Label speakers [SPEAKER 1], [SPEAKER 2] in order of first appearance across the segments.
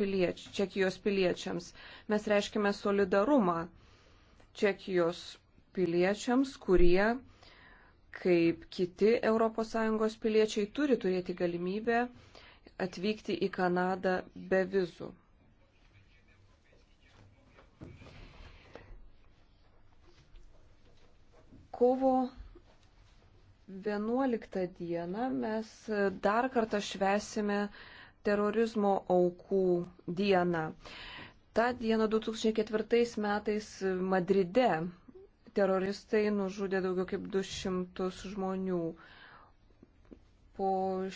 [SPEAKER 1] pilieč, Čekijos piliečiams. Mes reiškime solidarumą Čekijos piliečiams, kurie, kaip kiti ES piliečiai, turi turėti galimybę atvykti į Kanadą be vizų. Kovo 11 dieną mes dar kartą švesime terorizmo aukų dieną. Ta diena 2004 metais Madride teroristai nužudė daugiau kaip 200 žmonių. Po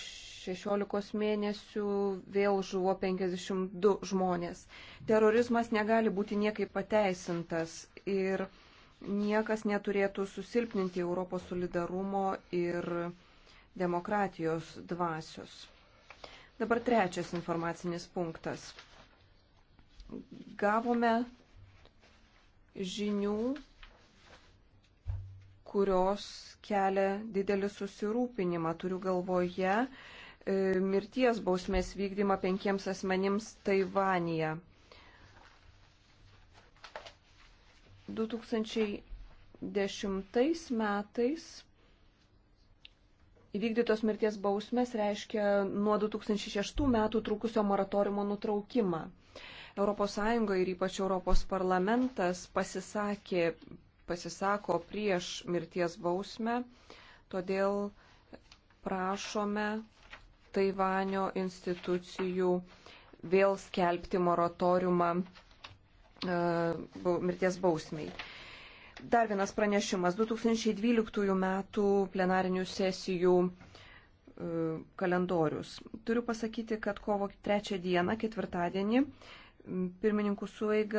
[SPEAKER 1] 16 mėnesių vėl žuvo 52 žmonės. Terorizmas negali būti niekaip pateisintas ir niekas neturėtų susilpninti Europos solidarumo ir demokratijos dvasios. Dabar trečias informacinis punktas. Gavome žinių, kurios kelia didelį susirūpinimą. Turiu galvoje e, mirties bausmės vykdymą penkiems asmenims Taivanija. 2010 metais Įvykdytos mirties bausmės reiškia nuo 2006 metų trukusio moratoriumo nutraukimą. ES ir ypač Europos parlamentas pasisakė, pasisako prieš mirties bausmę, todėl prašome Taivanio institucijų vėl skelbti moratoriumą e, mirties bausmiai. Dar vienas pranešimas. 2012 metų plenarinių sesijų e, kalendorius. Turiu pasakyti, kad kovo trečią dieną, ketvirtadienį, pirmininkų suėga